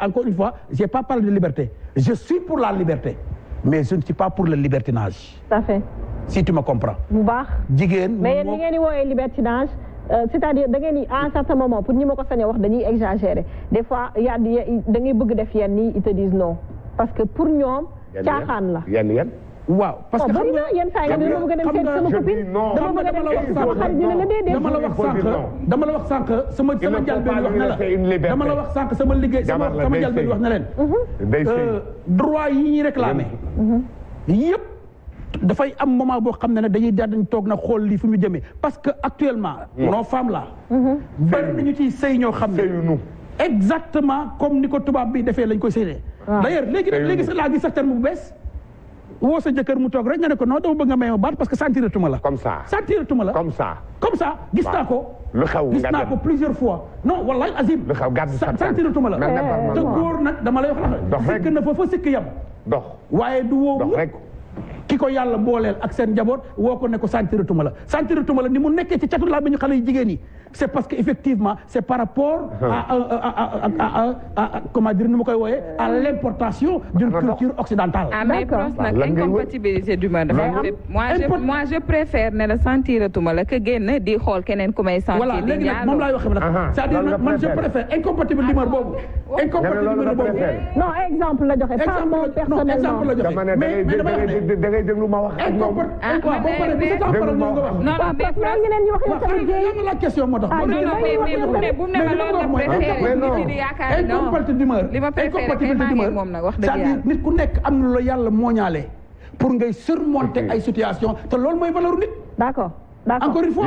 encore une fois, je n'ai pas parlé de liberté. Je suis pour la liberté, mais je ne suis pas pour le libertinage. Ça fait. Si tu me comprends. Digène. Mais a libertinage. Euh, c'est-à-dire à un certain moment pour nous, nous avons exagérer des fois y a des gens qui ils te disent non parce que pour nous, caaxaan la yenn waaw parce que oh, xam nga yenn saa yi nga dama bëgg a dem seet sama copine dama bëgg a dem seet sama xarit ñu ne la déedéet wax sànq dama la wax sànq sama sama jàlbeen wax na la dama la wax sànq sama liggéey wax na leen euh, droit yi ñuy réclamer yëpp dafay am moment boo xam ne ne dañuy daal dañ toog na xool lii fu ñu jëmee parce que actuellement non femme là mm-hmm. bari nañu ciy sëy ñoo xam ne exactement comme ni ko tubaab bi defee lañ koy sëyee d'ailleurs léegi léegi sa laa gis sax terme bu bees woo sa jëkkër mu toog rek nga ne ko non dama bëgg nga may ma baat parce que sentiratuma la. comme ça sentiratuma la comme ça. comme ça gis naa ko. lu xew gis naa plusieurs fois. non wallahi azim. lu xew gàddu sentiratuma la. te góor na fa fa sikk yam. dox waaye du woo. dox rek kiko yalla bolel ak sen njaboot woo ko ne ko sentiratuma la sentiratuma la ni mu nekkee ci catu la ba xalé xale yu jigéen parce que effectivement c'est par rapport à à à à comment dire ni koy woyé à l'importation d'une culture occidentale ah mais proche nag incompatibilité d'humeur dafa moi moi je préfère ne la sentiratuma la que genn di xol kenen kou may sentir voilà léegi nag moom laay waxee nag c' à dire man je préfère incompatible d'humeur bobu incompatible d'humeur bobu non exemple la joxe exemple la joxe mais ngay déglu ma wax. ak moom eh, waaw ba pare bu la sa liggéey. waaw la question moo tax. ah non non mais mais bu ne bu ne ma loolu la préféré nit li ma préféré kay maa ngi moom nag wax dëgg yàlla c'est-à-dire nit ku nekk am na la yàlla mooñaale pour ngay surmonter ay situation te loolu mooy valeur nit. d'accord d'accord encore une fois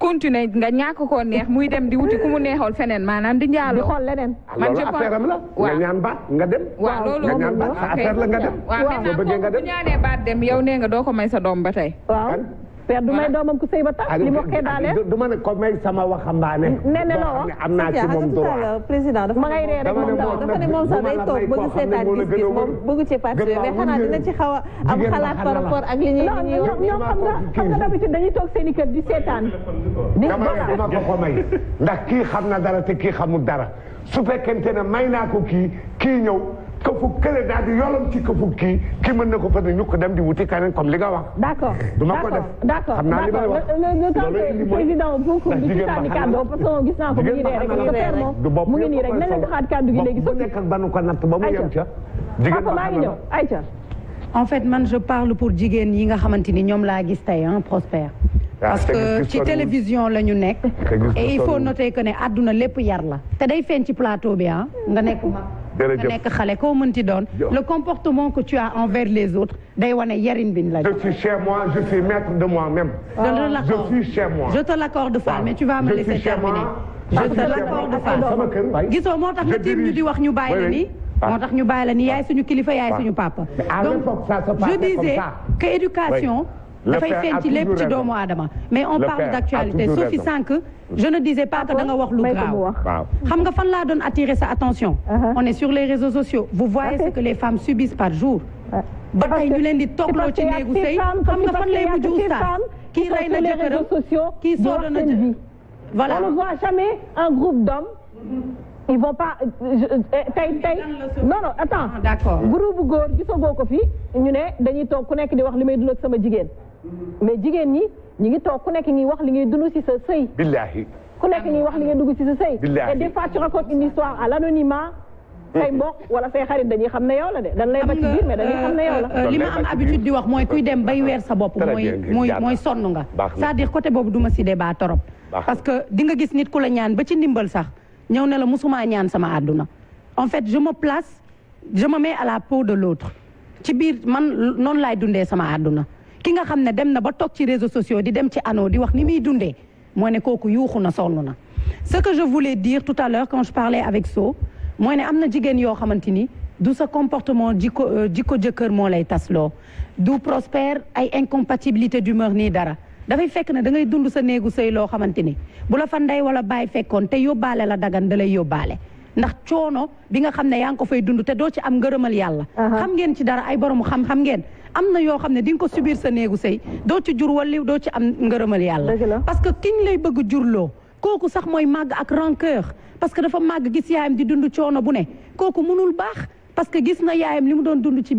continuer nga ñàkk koo neex muy dem di wuti ku mu neexool feneen maanaam di njaaloo. di xool leneen. man je pense la. nga ñaan baat nga dem. waaw loolu nga ñaan baat la nga dem. waaw maintenant kooku bu ñaanee baat dem yow nee nga doo ko may sa doom ba tey. père du may doomam ku sëy ba tax li ma xee daale du ma ne ko may sama waxambaane nee na loo am naa ci moom droit président dafa ma ngay ree rek moom dafa ne moom sax day toog bëgg seetaan gis-gis moom bëggu ci participer mais xanaa dina ci xaw a am xalaat par rapport ak li ñuy ñoom xam nga xam nga seetaan dama ne dama ko ko ndax kii xam na dara te kii xamul dara su fekkente ne may naa ko ki kii ñëw këfu kële daal di ci këfu kii kii mën na ko fa ne ñu ko dem di wuti keneen comme li nga wax. d' accord eh, du ma ko def gis naa ko mu ngi nii rek parce que père mu ngi nii rek nañ la kàddu gi léegi. bu nekk ak banu ko natt ba mu yem ca. jigéen en fait man je parle pour jigéen yi nga xamante ni ñoom laa gis tey ah prospère. parce que ci télévision la ñu nekk. et il faut noter que ne àdduna lépp yar la. te day feeñ ci plateau bi ah nga nekk nga nekk xale koo mënti doon le comportement que tu as envers les autres day wane yarin bin la je suis chez moi je suis maître de moi-même je suis chez moi je te l'accorde faire, mais tu vas me laisser terminer je te l'accorde Fall gisoo moo tax nga tiim ñu di wax ñu bàyyi la nii moo tax ñu bàyyi la nii yaay suñu kilifa yaay suñu papa donc je disais que éducation dafay feeñ ci lépp ci doomu aadama mais on parle d'actualité Sophie Sank je ne disais pas que da nga wax lu grave xam nga fan laa doon attirer sa attention uh-huh. on est sur les réseaux sociaux vous voyez ce que les femmes subissent par jour ba tey ñu leen di toogloo ci néegu sëy xam nga fan lay mujj oustaz kii rey na jëkkëram kii soodo na voilà on ne voit jamais un groupe d'hommes ils vont pas eh, tey tey non non attends ah, d'accord groupe góor gisagoo ko fi ñu ne dañuy toog ku nekk di wax li may dund ak sama jigéen mais ni ñi ñu ngi toog ku nek ni wax li ngay dund si sa sëy. billahi ku nek ngi wax li ngay dugg si sa sëy. billahi et des fois tu racontes une histoire à l'anonymat say mbokk wala say xarit dañuy xam ne yow la de dañ lay ba biir mais dañuy xam ne yow la. li ma am habitude di wax mooy kuy dem bay weer sa bopp. mooy mooy mooy sonn nga. c'est-à-dire côté boobu duma si débat torop parce que di nga gis nit ku la ñaan ba ci ndimbal sax ñëw ne la musuma ñaan sama aduna. en fait je me place je me mets à la peau de l'autre ci biir man non lay dundee sama aduna ki nga xamne ne dem na ba tok ci réseaux sociaux di dem ci anno di wax ni mi dundé mo né koku yuuxu na sonn na ce que je voulais dire tout à l'heure quand je parlais avec So mo né amna jigen yo xamanteni xamante du sa comportement jikko euh, jikko jëkkër mo lay tasloo du prospère ay incompatibilité d'humeur ni dara da fay fekk na da ngay dund sa négu sey lo xamanteni ni bu la fa nday wala bay fekkoon te yobale la dagan dalay yobale ndax choono bi nga xamne yang ko fay dund te do ci am ngeureumal yalla xam ngeen ci dara ay borom xam xam ngeen am yo que ding ne ko subir sa néegu sey do ci jur do ci am ngeureumal yalla parce que kiñ lay bëgg jurlo koku sax ak rancœur parce que dafa mag gis yaayam di dund bu ne parce que gis na yaayam ci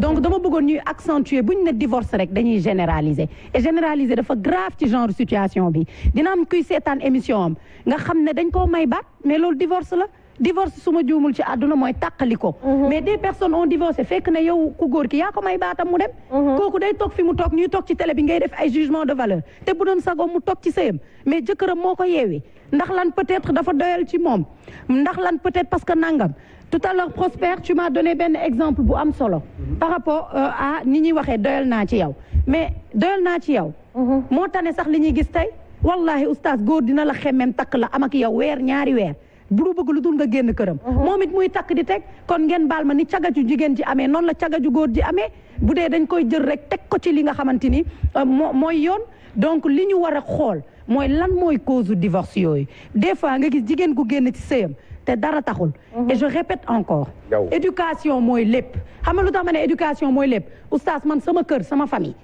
donc dama bëggoon accentuer divorce rek dañuy généraliser et généraliser dafa grave ci genre situation bi dina am kuy sétane émission am nga dañ may mais divorce la divorce suma ma ci aduna moy takaliko mhm. mais des personnes ont divorcé fek na yow ku gor ki yaa ko may batam mu dem mhm. kooku day tok fi mu tok ñuy tok ci télé bi ngay def ay jugement de valeur te bu doon sago mu tok ci sëyam mais jëkkëram moko ko ndax lan peut-être dafa doyal ci mom ndax lan peut-être parce que nangam tout à l'heure Prosper tu m'as donné ben exemple bu am solo mhm. par rapport euh, à ni ñuy waxee doyal ci yow mais doyal na ci yow mo tane sax li gis tay wallahi oustaz gor dina la xemmem tak la am ak yow weer ñaari weer bu du bëgg lu dul nga génn këram mhm. moom it muy takk di teg kon ngeen baal ma ni cagaju jigéen ji amee noonu la cagaju góor ji amee bu dee dañ koy jël rek teg ko ci li nga xamante ni euh, moo mooy yoon donc li ñu war a xool mooy lan mooy cause du divorce yooyu des fois nga gis jigéen gu génn ci sëyam te dara taxul mhm. et je répète encore éducation mooy lépp xam nga lu tax ma ne éducation mooy lépp oustaz man sama kër sama famille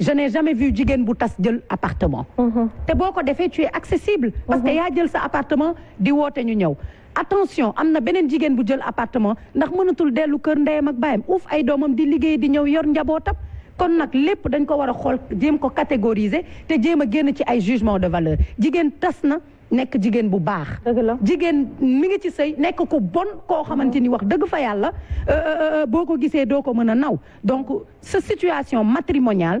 je n'ai jamais vu jigéen bu tas jël appartement. Mm-hmm. te boo ko tu es accessible. Mm-hmm. parce que y'a jël sa appartement di woote ñu ñëw. attention am na beneen jigéen bu jël appartement ndax mënatul dellu kër ndeyam ak baayam uuf ay doomam di liggéey di ñëw yor njabootam. kon nak lépp dañ ko war a xool ko catégoriser te jéem a génn ci ay jugement de valeur jigéen tas na nekk jigéen bu baax. jigéen mi ngi ci sëy nekk ku bon koo xamante wax dëgg fa yàlla euh, euh, euh, boo ko gisee doo ko mën a naw donc sa situation matrimoniale.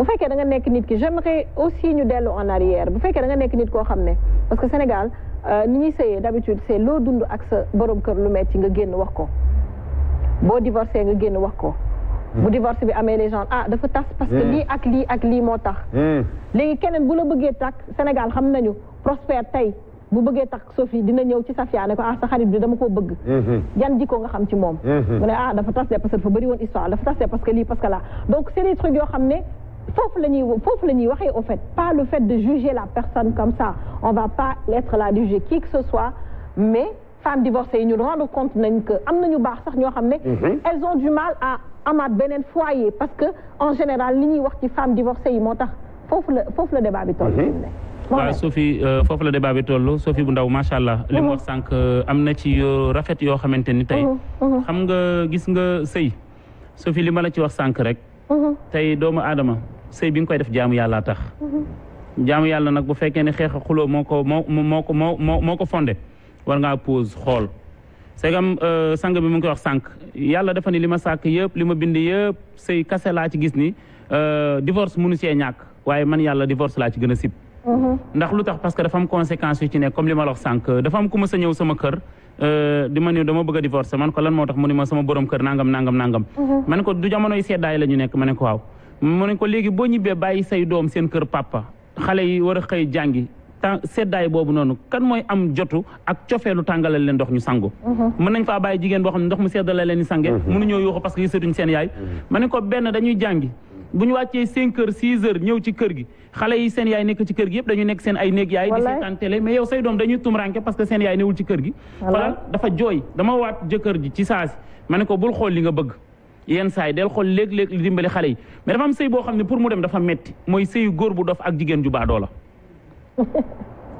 bu fekkee da nga nekk nit ki j'aimerais aussi ñu dellu en arrière bu fekkee da nga nekk nit koo xam ne parce que Sénégal euh, ni ñuy sëyee d'habitude c'est loo dund ak sa borom kër lu metti nga génn wax ko boo divorcé nga génn wax ko hmm. bu divorce bi amee les gens ah dafa tas parce que hmm. lii ak lii ak lii moo tax hmm. léegi keneen bu la bëggee takk Sénégal xam nañu Prospère tey bu bëggee takk Sophie dina ñëw ci Safia ne ko ah sa xarit bi dama koo bëgg yan jikko nga xam ci moom mu ne ah dafa tas de parce que dafa bëri woon histoire dafa tas de parce que lii parce que là donc c'est des trucs yoo xam ne il au fait pas le fait de juger la personne comme ça on va pas être là juger qui que ce soit mais femmes divorcées nous ñu compte que mhm. elles ont du mal à amaat un foyer parce que en général les femmes divorcées ils montent débat Sophie le débat bi mhm. euh, Sophie bu ndaw macha le li mu mhm. euh, ci euh, rafet xam nga gis nga Sophie li ci wax Mhm. tey doomu aadama sëy bi nga koy def jaamu yàlla tax mhm. jaamu yàlla nag bu fekkee ne xeexa a xuloo moo ko moo moo ko moo moo moo ko fondé war ngaa pause xool segam euh, sang bi mu ngi koy wax sànq yàlla dafa ni li ma sàkk yëpp li ma bind yëpp sëy kase laa ci gis ni euh, divorce mënu see ñàkk waaye man yàlla divorce laa ci gën a sib mhm. ndax lu tax parce que dafa am conséquence yu ci nekk comme li ma la wax sànq dafa am ku ma a ñëw sama kër Euh, di ma ni dama bëgg a man ko lan moo tax mu ni ma sama borom kër nangam nangam nangam mhm. ko du jamonoy seddaay la nekk ma ne ko waaw mu ne ko léegi boo ñibbee bàyyi say doom seen kër papa xale yi war a xëy jàngi temps seddaay boobu noonu kan mooy am jotu ak cofeelu tàngalal leen ndox ñu sangu mhm. mën nañ faa bàyyi jigéen boo xam ne ndox mu seddala leen ñu sange mhm. mënuñoo yuuxu parce que gisatuñ seen yaay ma ne ko benn dañuy jàngi bu wacce 5 h 6 6h ñëw ci kër gi xale yi seen yaay nek ci kër gi yëpp dañu nek seen ay nek yaay di sétan télé mais yow say doom dañu tum ranké parce que seen yaay newul ci kër gi xoolal dafa joy dama waat jëkkër ji ci saasi mané ko bul xol li nga bëgg yeen say del xol lék lék li dimbali xale yi mais dafa am sëy bo xamné pour mu dem dafa metti mooy sëyu góor bu dof ak jigen ju ba do la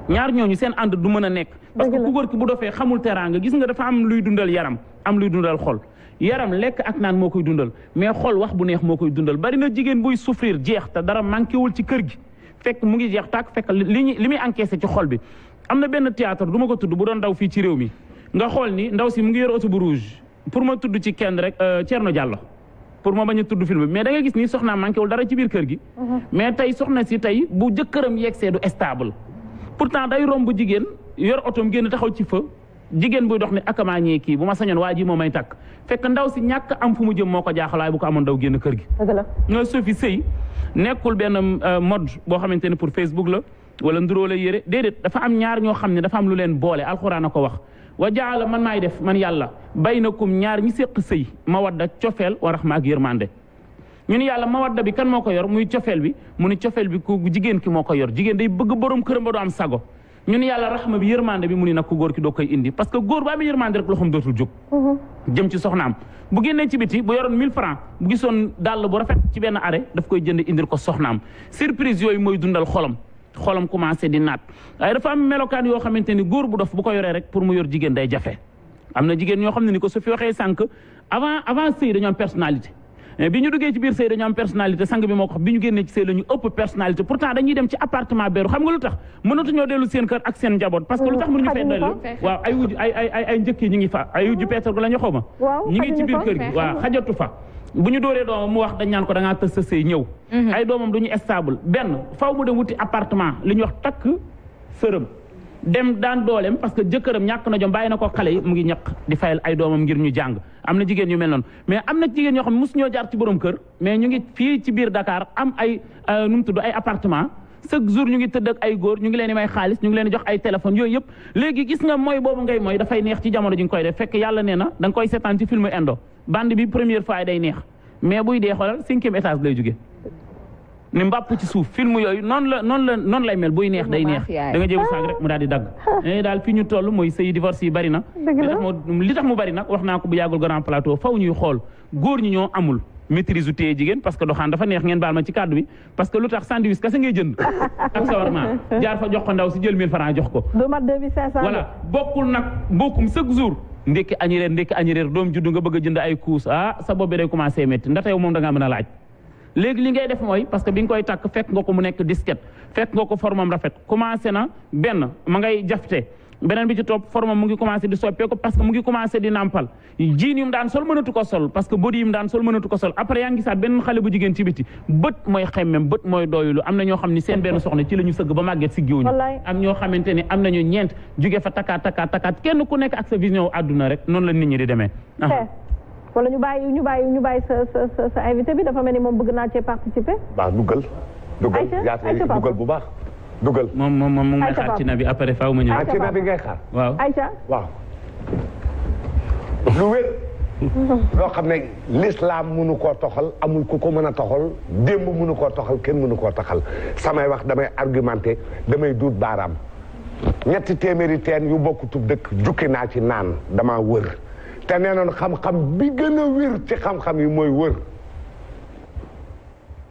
ñaar ñooñu seen ànd du mëna nek parce que ku góor ki bu dofé xamul teraanga gis nga dafa am luy dundal yaram am luy dundal xol yaram lek ak nan mo koy dundal mais xol wax bu neex mo koy dundal bari na jigen buy souffrir jeex ta dara manki wul ci keur gi fek mu ngi jeex tak fek li ñu li ci xol bi amna ben théâtre duma ko tuddu bu don daw fi ci réew mi nga xol ni ndaw si mu ngi yor auto bu rouge pour ma tuddu ci kenn rek Thierno Diallo pour ma bañ tuddu film bi mais da nga gis ni soxna manki wul dara ci bir keur gi mais tay soxna si tay bu jeukeram yexse du stable pourtant day rombu jigen yor auto mu génn taxaw ci feu jigéen buy dox ni akamaa ñee kii bu ma sañoon waa ji moo may takk fekk ndaw si ñàkk am fu mu jëm moo ko jaaxalaay bu ko amoon daw génn kër gi nga sofi sëy nekkul benn euh, mode boo xamante ne pour Facebook la wala nduroo la yére déedéet dafa am ñaar ñoo xam ne dafa am lu leen boole alxuraan a ko wax wa jaala man maay def man yàlla baynakum ñaar ñi séq sëy mawadda cofeel wa raxma ak yërmande ñu ni yàlla mawadda bi kan moo ko yor muy cofeel bi mu ni cofeel bi ku jigéen ki moo ko yor jigéen day bëgg borom këram ba am sago ñun yàlla raxma bi yërmande bi mu ni nag ku góor ki doo koy indi parce que góor ba amee yërmande rek loxoom dootul jóg mhm. jëm ci soxnaam bu génnee ci biti bu yoroon 1000 francs bu gisoon dàll bu rafet ci benn arrêt daf koy jënd indi ko soxnaam surprise yooyu mooy dundal xolam xolam commencé di naat waaye dafa am melokaan yoo xamante ni góor bu dof bu ko yoree rek pour mu yor jigéen day jafe am na jigéen ñoo xam ne ni ko su fi waxee sànq avant avant sëy dañoo am Eh, bi ñu duggee ci biir sëy dañu am personnalité sang bi moo ko xam bi ñu génnee ci sëy la ñu ëpp personnalité pourtant dañuy dem ci appartement beeru xam nga lu tax mënatuñoo dellu seen kër ak seen njaboot parce que lu tax mm, mënuñu fee dellu ñu ngi fa ay wuj peetar gu ñu xaw ma ñu ngi ci biir kër gi waaw xajatu fa bu ñu dóoree doomam mu wax dañ naan ko da ngaa tës sa sëy ñëw mhm. ay doomam du ñu stable benn faw mu dem wuti appartement li ñu wax takk sërëm dem daan doolem parce que jëkkëram ñàkk na jom bàyyi na ko xale yi mu ngi ñaq di fayal ay doomam ngir ñu jàng am na jigéen yu mel noonu mais am na jigéen ñoo xam ne mosu ñoo jaar ci borom kër mais ñu ngi fii ci biir Dakar am ay euh, nu tudd ay appartement chaque jour ñu ngi tëdd ak ay góor ñu ngi leen di may xaalis ñu ngi leen di jox ay téléphone yooyu yëpp léegi gis nga mooy boobu ngay mooy dafay neex ci jamono ji nga koy de fekk yàlla nee na da koy seetaan ci film indo bande bi première fois day neex mais buy dee xoolal cinquième étage lay jóge ni mbàpp ci suuf film yooyu noonu la noonu la noonu lay mel buy neex day neex da nga jéem saag rek mu daal di dagg mais ah. eh, daal ñu toll mooy sëy divorce yi na li tax mu bari na wax naa ko bu yàggul grand plateau faw ñuy xool góor ñi ñoo amul maîtrise u téye jigéen parce que doxaan dafa neex ngeen baal ma ci kàddu bi parce que lu tax sandwich kese ngay jënd ak sawarma jaar fa jox ko ndaw si jël 1000 francs jox ko du mat 2500 voilà bokkul nag mbokkum chaque jour ndekki añi reer ndekki añi reer doom juddu nga bëgg a jënd ay couches ah sa bopp bi day commencé métti ndax yow mën a laaj léegi li ngay def mooy parce que bi nga koy fekk nga ko mu nekk disquette fekk nga ko formam rafet commencé na benn ma ngay jafte beneen bi topp formam mu ngi commencé di soppeeku parce que mu ngi commencé di nàmpal jiin yum daan sol mënatu ko sol parce que body yum daan sol mënatu ko sol après yaa ngi benn xale bu jigéen ci bët mooy xemmem bët mooy dooyulu am na ñoo xam ne seen benn soxna ci la ñu sëgg ba màgget si giwuñu am ñoo xamante ne am nañu ñeent jóge fa takkaat takkaat kenn ku nekk ak sa vision àdduna rek noonu la nit wala ñu bàyyi ñu bàyyi ñu bàyyi sa sa sa invité bi dafa mel ni moom bëgg naa cee participer. waaw dugal. dugal yaakaar dugal bu baax. dugal moom moom moom mu ngi xaar ci nabi après faaw ma ñëw. ah ci nabi ngay xaar. waaw Aïcha waaw. lu wér. loo xam ne l'islam mënu koo toxal amul ku ko mën a toxal démb mënu koo toxal kenn mënu koo toxal samay wax damay argumenté damay duut baaraam ñetti téeméeri teen yu bokk tub dëkk jukki naa ci naan damaa wër. te nee noon xam-xam bi gën a wér ci xam-xam yi moy wër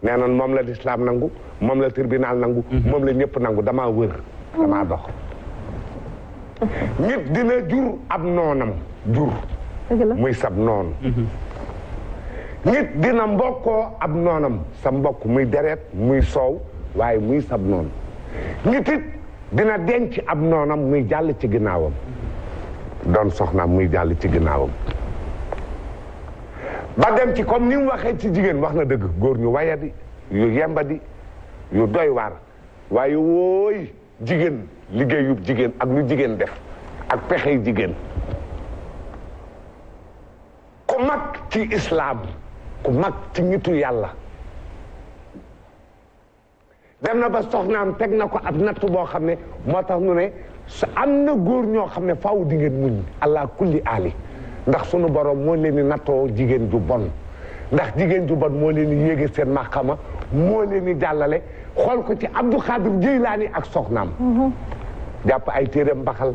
nee noon moom la lislaam nangu moom la tribunal nangu mhm. moom la ñëpp nangu dama wër damaa dox nit dina jur ab noonam jur muy sab noonu mhm. nit dina mbokkoo ab noonam sa mbokk muy deret muy soow waaye muy sab noonu nit it dina denc ab noonam muy jàll ci ginnaawam doon soxnaam muy jàll ci ginnaawam ba dem ci comme ni waxee ci jigéen wax na dëgg góor ñu wayadi yu yembadi yu doy waar waaye wooy jigéen liggéeyub jigéen ak lu jigéen def ak pexey jigéen ku mag ci islaam ku mag ci nitu yàlla dem na ba soxnaam teg na ko ab natt boo xam ne moo tax nu sa am na góor ñoo xam ne faaw di ngeen muñ allah kulli aali ndax sunu borom moo leen di nattoo jigéen ju bon ndax jigéen ju bon moo leen di yéege seen màqama moo leen di jàllale xool ko ci Abdou Khadir ni ak soxnaam mhm. jàpp ay téere mbaxal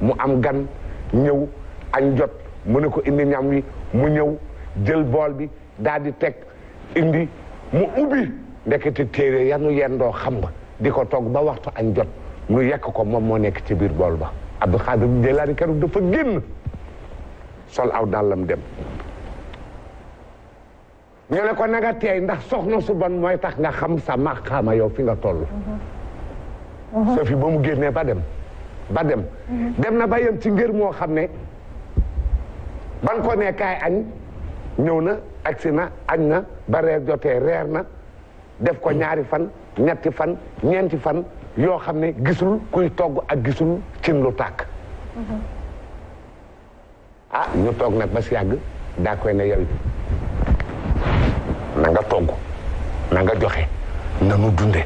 mu am gan ñëw añ jot mu ne ko indi ñam wi mu ñëw jël bool bi daal di teg indi mu ubbi ndekete téere yanu yendoo xam nga di ko toog ba waxtu añ jot mu yekk ko mom mo nek ci bir bol ba abdou xaadir jëlaani keroog dafa genn sol aw dalam dem ñu ne ko na tay ndax soxna su ban moy tax nga xam sa maqama yow fi nga toll uh-huh. so fi bamu genné ba dem ba dem uh-huh. dem na ba yem ci ngër mo xamné ne ban ko ne kay agn ñëw na agsi na na ba reer jotee reer na def ko uh-huh. ñaari fan ñetti fan ñenti fan yoo xam ne gisul kuy togg ak gisul cin lu tàkk mm-hmm. ah ñu toog nag ba si yàgg daa koy na yow na nga togg na nga joxe na nu dunde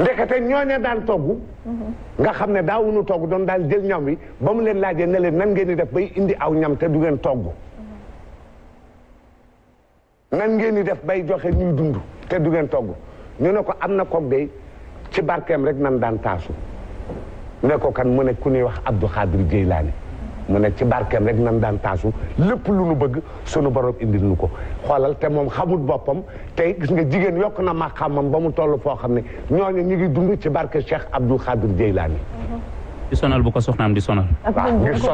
ndekete ñooña daan togg mm-hmm. nga xam ne daa wunu togg doon daal jël ñam wi ba mu leen laajee ne leen nan ngeen di def bay indi aw ñam te du ngeen togg mm-hmm. nan ngeen di def bay joxe ñuy dund te du ngeen togg ñu ne ko am na koog day ci barkeem rek nan daan taasu ne ko kan mu ne ku ñuy wax Abdou Khadir Jeylaani mu nekk ci barkeem rek nan daan taasu lépp lu nu bëgg sunu borom indil nu ko xoolal te moom xamul boppam tey gis nga jigéen yokk na maqaamam ba mu toll foo xam ne ñooñu ñu ngi dund ci barke Cheikh Abdou Khadir Jeylaani di sonal bu ko soxnaam di sonal. ak muñ ko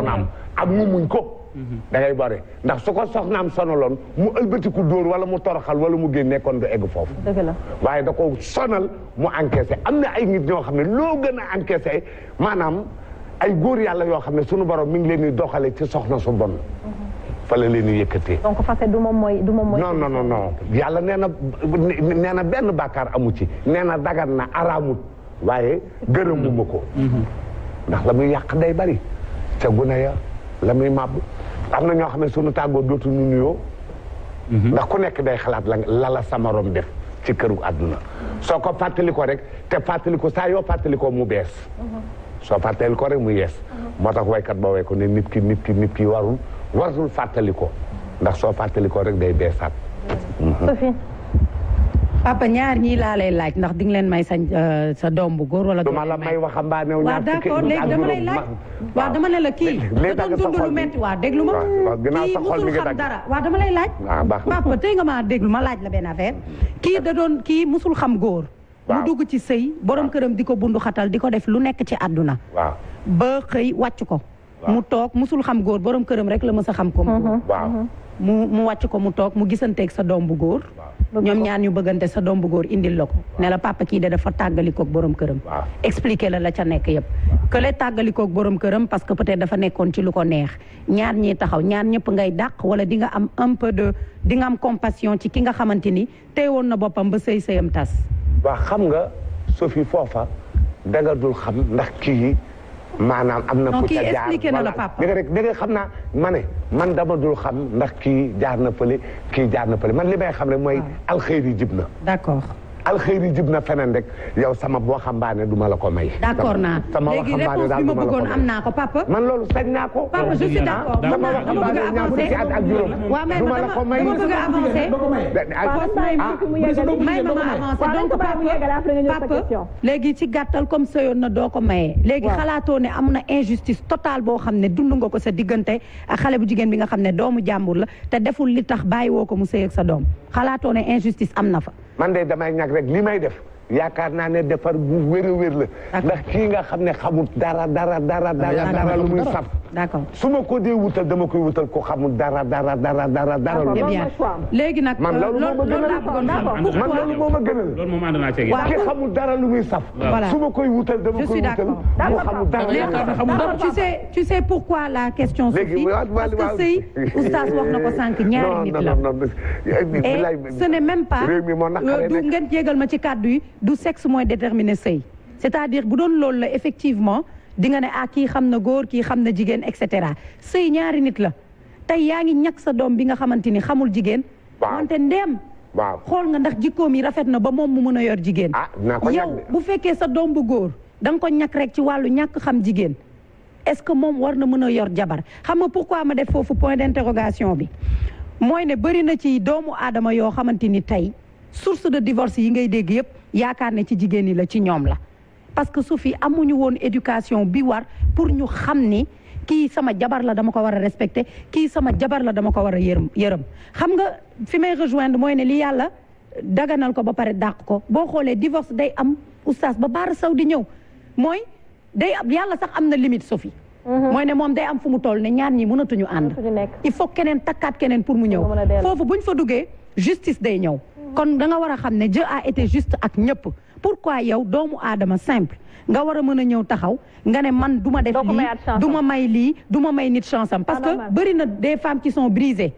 ak mu ko. da ngay bari ndax su ko soxnaam loon mu ëlbatiku dóor wala mu toroxal wala mu génne kon du egg foofu. dëgg waaye da ko sonal mu encaissé am na ay nit ñoo xam ne loo gën a encaissé maanaam ay góor yàlla yoo xam ne sunu borom mi ngi leen di doxale ci soxna su bon. fa la leen di yëkkatee. donc fase du moom mooy du moom mooy. non non non non yàlla nee na nee na benn bàkkaar amu ci nee na dagan na araamut waaye gërëmuma ko. Mm-hmm. ndax la muy yàq day bari ca gune ya la muy màbb. am na ñoo xam ne sunu tàggoo dootuñu nuyoo. Mhm. ndax ku nekk day xalaat la lala sa morom def ci këru àdduna. soo ko ko rek te ko saa yoo ko mu bees. Mhm. soo ko rek mu yees. Mhm. moo tax waykat ba way ko ne nit ki nit ki nit ki warul warul ko ndax soo fàttalikoo rek day beesaat. papa ñaar ñii laa lay laaj ndax di leen may sa euh, sa doom bu góor wala. du ma la may waxambaane wu ñaar fukki ka d'accord dama lay laaj. waaw dama ne la kii. da doon ma. waaw ginnaaw sa xol mi ngi dagg kii musul xam dara waaw dama lay laaj. waaw ah, baax na papa la benn affaire. kii da doon kii musul xam góor. mu dugg ci sëy borom këram di ko bundu xatal di ko def lu nekk ci àdduna. ba xëy wàcc ko. mu toog musul xam góor borom këram rek la mës a xam ko. Mm-hmm. waaw mm-hmm. mu mu wàcc ko mu toog mu gisante gisanteeg sa doom bu góor ñoom ñaan ñu bëggante sa doom bu góor indil la ko ne la papa kii de dafa tàggalikoog borom këram expliquer la la ca nekk yëpp que le tàggalikoog borom këram parce que peut-être dafa nekkoon ci lu ko neex ñaar ñii taxaw ñaan ñëpp ngay dàq wala di nga am un peu de di nga am compassion ci ki nga xamante ni woon na boppam ba sëy sëyam tas waa xam nga Sophie foofa dagatul xam ndax kii maanaam am na ku ca jaar voilà dëgg rek dëgg xam naa ma ne man dama dul xam ndax kii jaar na fële kii jaar na fële man li may xam rek mooy alxeyri jib na d'accord alxëyri jub na feneen rek yow sama boo xambaane du ma la ko may. d'accord naa léegi réponse bi ma bëggoon am naa ko papa. man loolu sañ naa ko. papa je suis d'accord dama bëgg a avancer waaw mais dama bëgg a avancer. may ah, ma ma avancer donc papa papa léegi ci gàttal comme sëyoon na doo ko maye. léegi xalaatoo ne am na injustice totale boo xam ne dund nga ko sa diggante xale bu jigéen bi nga xam ne doomu jàmbur la te deful li tax bàyyiwoo ko mu sëy ak sa doom xalaatoo ne injustice am na fa. man dey damay nag rek lii may def yaakaar naa ne defar bu wér la kii nga xam ne xamut dara dara dara dara ah, dara lu muy saf d'accord Si suis d'accord. tu sais pourquoi la question. ce n'est même pas. c'est-à-dire que... effectivement. di nga ne ah ki ham na etc. kii xam na jigéen et cetera sëy ñaari nit la tay yaa ngi ñàkk sa dom bi nga xamanteni xamul jigen wante ndem waaw xol nga ndax jikko mi rafet na ba mom mu meuna yor jigen ah, yow bu fekke sa dom bu gor dang ko ñak rek ci walu ñak xam jigen est-ce que mom war na yor jabar xam nga pourquoi ma def fofu point d'interrogation bi moy ne bari na ci doomu tay. yo xamanteni tay source de divorce yi ngay deg yep yaakar ne ci jigen ni la ci ñom la. parce que su fi amuñu woon éducation bi war pour ñu xam ni kii sama jabar la dama ko war a respecté kii sama jabar la dama ko war a yërëm yërëm xam nga fi may rejoindre mooy ne li yàlla daganal ko ba pare dàq ko boo xoolee divorce day am oustaz ba baar saw di ñëw mooy day yàlla sax am na limite Sophie mhm. mooy ne moom day am fu mu toll ne ñaar ñi mënatuñu ànd il faut keneen takkaat keneen pour mu ñëw foofu buñ fa duggee justice day ñëw mhm. kon danga nga war a xam ne Dieu à été juste ak ñëpp pourquoi yow doomu adama simple nga wara meuna ñew taxaw nga ne man duma def lii du may li duma may nit chance parce que bari na des femmes qui sont brisées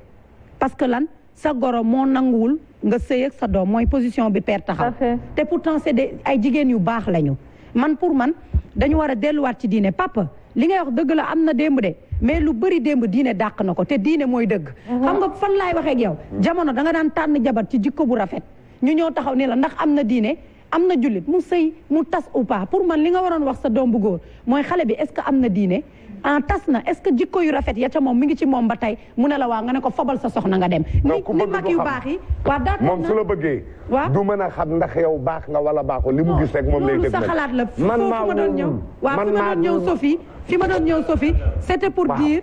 parce que lan sa goro mo nangul nga sey ak sa doom moy position bi père taxaw te pourtant c'est des ay jigen yu bax lañu man pour man dañu wara a wat ci diine papa li ngay wax deug la amna demb démb de mais lu bari demb diine dak nako te diine moy deug xam nga fan lay waxe ak yow jamono da nga daan tan jabar ci jikko bu rafet ñu ñëw taxaw ni la ndax amna na diine am na jullit mu sëy mu tas u pas pour man li nga waroon wax sa doom bu góor mooy xale bi est-ce am na diine en tas na est-ce que jikko yu rafet ya ca moom mi ngi ci moom ba tey mu ne la waa nga ne ko fobal sa soxna nga dem. ni ni mag yu baax yi waaw daa moom su la bëggee. waaw du mën a xam ndax yow baax nga wala baaxul li mu gis rek moom lay dëgg sa xalaat la. man maa wóorul man maa fi ma doon ñëw Sophie fi ma doon ñëw Sophie c'était pour dire.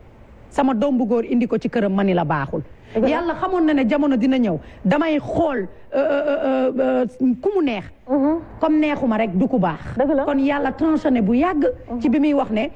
sama doom bu góor indi ko ci këram ma ni la baaxul yàlla xamoon na ne jamono dina ñëw damay xool euh, euh, euh, ku mu neex mhm. comme neexuma rek du ku baax kon yàlla tranché ne bu yàgg mhm. ci bi muy wax ne